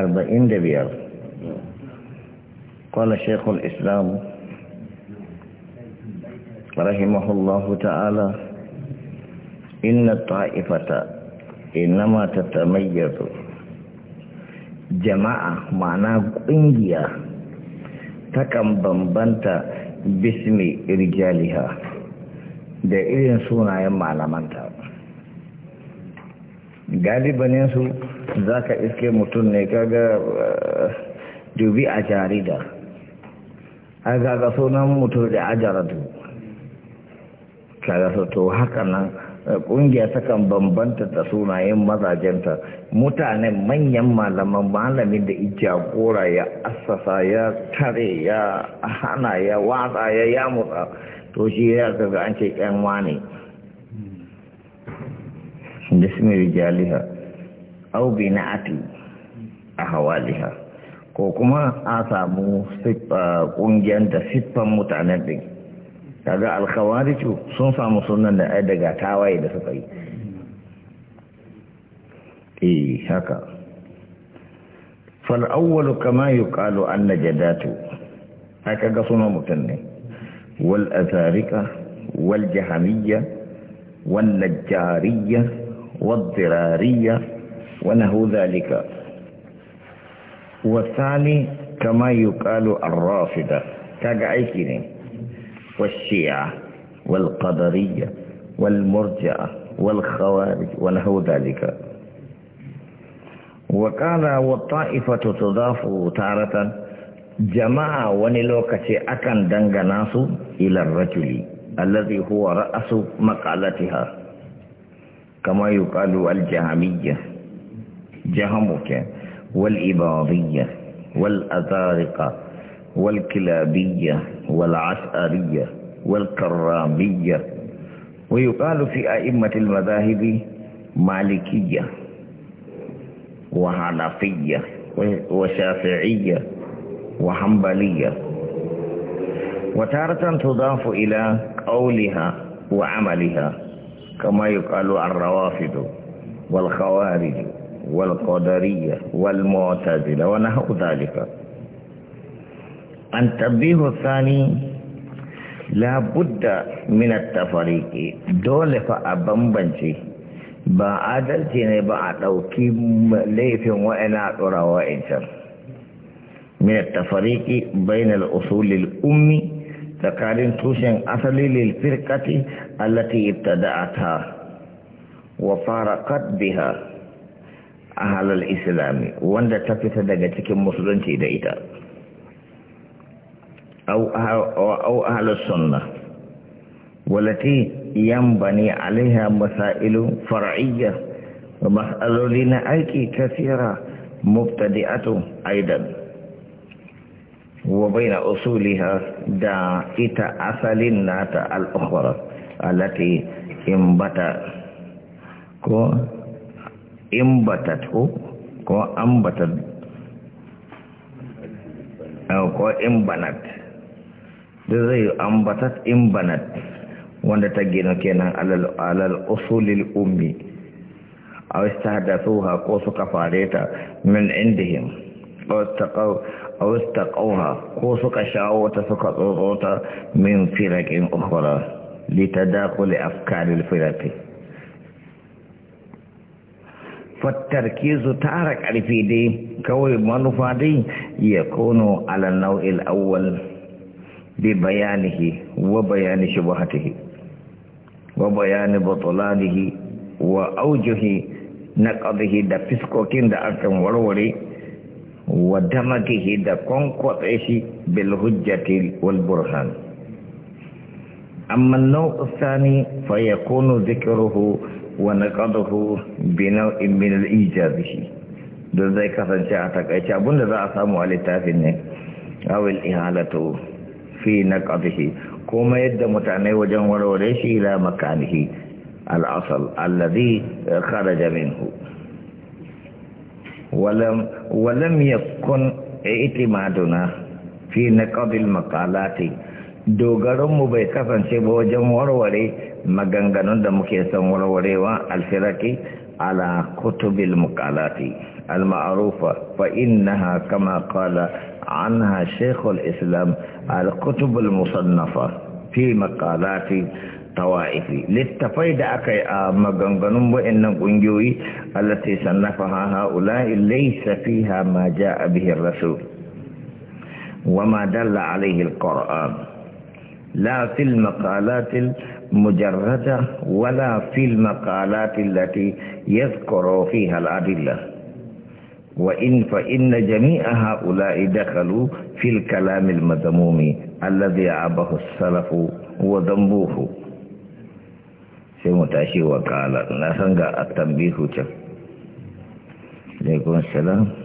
arba'in da biyar kwallo shekul islam rahimahullahu ta'ala inna ta'ifata innama ta tamayyazu jama'a ma'ana ƙungiya kan bambanta bismi irjaliha da irin sunayen malamanta galibaninsu za ka iske mutum ne kaga eh, dubi a jarida a gaga sunan mutum da ajaratu kaga to haka nan kungiya eh, takan bambanta da sunayen mazajenta mutanen manyan malaman malamin da gora ya assasa ya tare ya hana ya watsa ya yamuka. to shi ya kaga an ce da su mai rijaliha au bi na'ati ahwaliha ko kuma a samu kungiyar da siffan mutanen din kaga alkhawariju sun samu sunan da ai daga tawaye da suka yi eh haka fal awwal kama yuqalu anna jadatu haka ga sunan mutan ne wal atharika wal jahamiyya wal najjariyya wal dirariyya ونهو ذلك والثاني كما يقال الرافضة كقعيكين والشيعة والقدرية والمرجعة والخوارج ونهو ذلك وقال والطائفة تضاف تارة جماعة ونلوكة أكن دنغناس إلى الرجل الذي هو رأس مقالتها كما يقال الجهمية جهمك والإباضية والأزارقة والكلابية والعسأرية والكرامية ويقال في أئمة المذاهب مالكية وحنفية وشافعية وحنبلية وتارة تضاف إلى قولها وعملها كما يقال الروافد والخوارج والقدرية والمعتزلة ونحو ذلك التنبيه الثاني لا بد من التفريق دول فأبنبنشي ba adalci ne ba a ɗauki laifin wa'ina ɗora wa'incan min tafariki bainal usulil ummi tsakanin tushen asali lil firqati allati ibtada'ata wa farakat biha ahalal islami wanda ta fita daga cikin musulunci da ita au ahalus sunna walati bani alaiha masailu far'iyya mas'aloli na aiki kasira mubtadi'atu aidan wa baina usuliha da ita asalin nata al-ukhra allati ko in bata ko an da zai an wanda ta gina kenan alal usulil ummi su wuha ko suka fare ta min indihim a wasu ta ƙauha ko suka shawo ta suka ta min firaqin ukhra dakuli afkarin firaqi فالتركيز تارك في دي كوي منفع دي يكون على النوع الأول ببيانه وبيان شبهته وبيان بطلانه وأوجه نقضه دا كين دا أكم وروري ودمجه دا كونكوطيشي بالهجة والبرهان أما النوع الثاني فيكون ذكره ونقضه بنوع من الإيجاب دل ذي كفن شاعتك أبن ذا أصام علي تافن أو الإهالة في نقضه كما يد متعني وجن وروريش إلى مكانه الأصل الذي خرج منه ولم ولم يكن اعتمادنا في نقض المقالات dogaronmu bai kasance ba wajen warware maganganun da muke son warwarewa alfiraki ala kutubil al maarufa fa innaha kama qala anha islam al-kutub musannafa fi maqalati tawa'ifi littafai da aka yi a maganganun wa'annan kungiyoyi allati sannafa ha laysa fiha safi ja'a bihi ar-rasul wa ma dalla alayhi al-qur'an لا في المقالات المجردة ولا في المقالات التي يذكر فيها الأدلة وإن فإن جميع هؤلاء دخلوا في الكلام المذموم الذي عبه السلف وذنبوه سيمتاشي وقال نسنغ التنبيه لكم السلام